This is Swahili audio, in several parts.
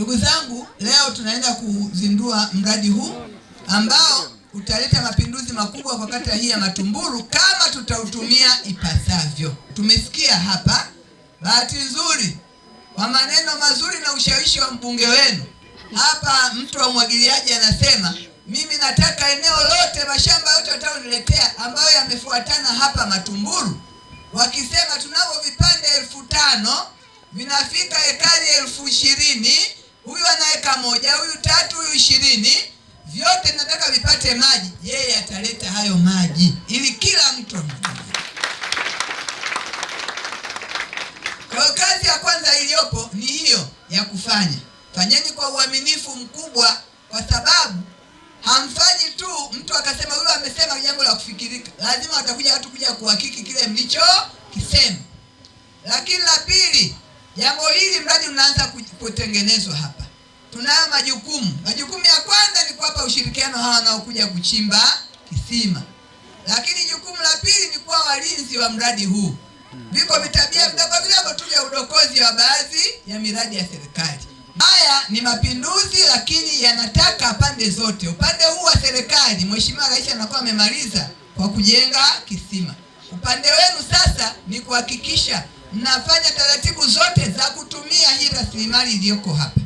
Ndugu zangu, leo tunaenda kuzindua mradi huu ambao utaleta mapinduzi makubwa kwa kata hii ya matumburu kama tutautumia ipasavyo. Tumesikia hapa, bahati nzuri, kwa maneno mazuri na ushawishi wa mbunge wenu hapa, mtu wa mwagiliaji anasema mimi nataka eneo lote, mashamba yote watayoniletea ambayo yamefuatana hapa matumburu wakisema tunavyo vipande elfu tano vinafika ekari elfu ishirini huyu anaweka moja, huyu tatu, huyu ishirini, vyote nataka vipate maji. Yeye ataleta hayo maji ili kila mtu Kwa kazi ya kwanza iliyopo ni hiyo ya kufanya. Fanyeni kwa uaminifu mkubwa, kwa sababu hamfanyi tu mtu akasema huyo amesema jambo la kufikirika. Lazima watakuja watu kuja kuhakiki kile mlicho kisema. Lakini la pili, jambo hili mradi unaanza kutengenezwa hapa tunayo majukumu. Majukumu ya kwanza ni kuwapa ushirikiano hawa wanaokuja kuchimba kisima, lakini jukumu la pili ni kuwa walinzi wa mradi huu. vipo vitabia vidogo vidogo tu vya udokozi wa baadhi ya miradi ya serikali. Haya ni mapinduzi, lakini yanataka pande zote. Upande huu wa serikali, Mheshimiwa Rais anakuwa amemaliza kwa kujenga kisima. Upande wenu sasa ni kuhakikisha mnafanya taratibu zote za kutumia hii rasilimali iliyoko hapa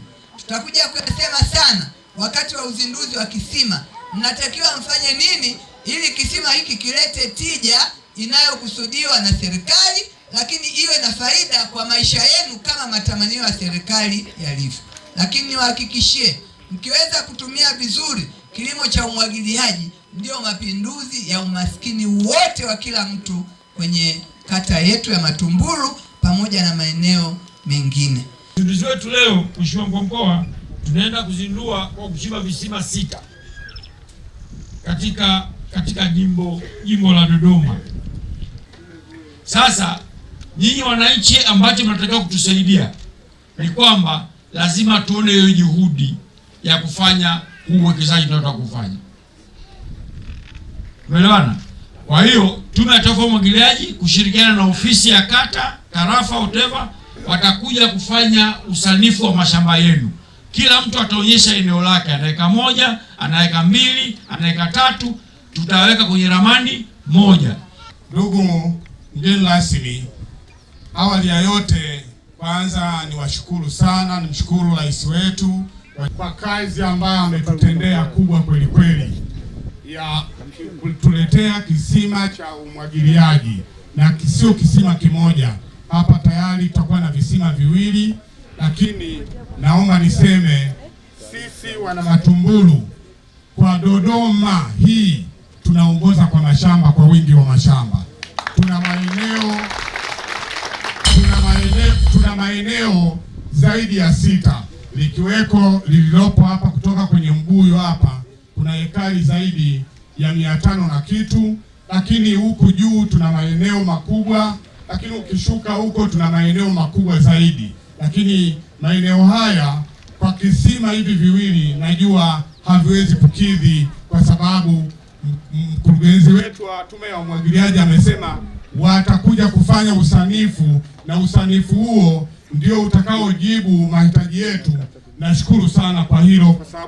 tutakuja kuyasema sana wakati wa uzinduzi wa kisima, mnatakiwa mfanye nini ili kisima hiki kilete tija inayokusudiwa na serikali, lakini iwe na faida kwa maisha yenu kama matamanio ya serikali yalivyo. Lakini niwahakikishie, mkiweza kutumia vizuri kilimo cha umwagiliaji, ndio mapinduzi ya umaskini wote wa kila mtu kwenye kata yetu ya matumburu pamoja na maeneo mengine. Uzinduzi wetu leo, Mheshimiwa Mkuu wa Mkoa, tunaenda kuzindua kwa kuchimba visima sita katika katika jimbo jimbo la Dodoma. Sasa nyinyi wananchi, ambacho mnatakiwa kutusaidia ni kwamba lazima tuone hiyo juhudi ya kufanya huu uwekezaji tunaotaka kufanya, umeelewana? Kwa hiyo Tume ya Taifa ya Umwagiliaji kushirikiana na ofisi ya kata, tarafa, whatever watakuja kufanya usanifu wa mashamba yenu. Kila mtu ataonyesha eneo lake, anaweka moja, anaweka mbili, anaweka tatu, tutaweka kwenye ramani moja. Ndugu mgeni rasmi, awali ya yote, kwanza niwashukuru sana, nimshukuru rais wetu kwa kazi ambayo ametutendea kubwa kweli kweli ya kutuletea kisima cha umwagiliaji na sio kisima kimoja hapa tayari tutakuwa na visima viwili, lakini naomba niseme sisi wana Matumbulu kwa Dodoma hii tunaongoza kwa mashamba, kwa wingi wa mashamba. Tuna maeneo tuna maeneo tuna maeneo zaidi ya sita likiweko lililopo hapa kutoka kwenye mbuyo hapa kuna hekari zaidi ya mia tano na kitu, lakini huku juu tuna maeneo makubwa lakini ukishuka huko tuna maeneo makubwa zaidi, lakini maeneo haya kwa kisima hivi viwili najua haviwezi kukidhi, kwa sababu mkurugenzi wetu wa tume ya umwagiliaji amesema watakuja kufanya usanifu na usanifu huo ndio utakaojibu mahitaji yetu. Nashukuru sana kwa hilo.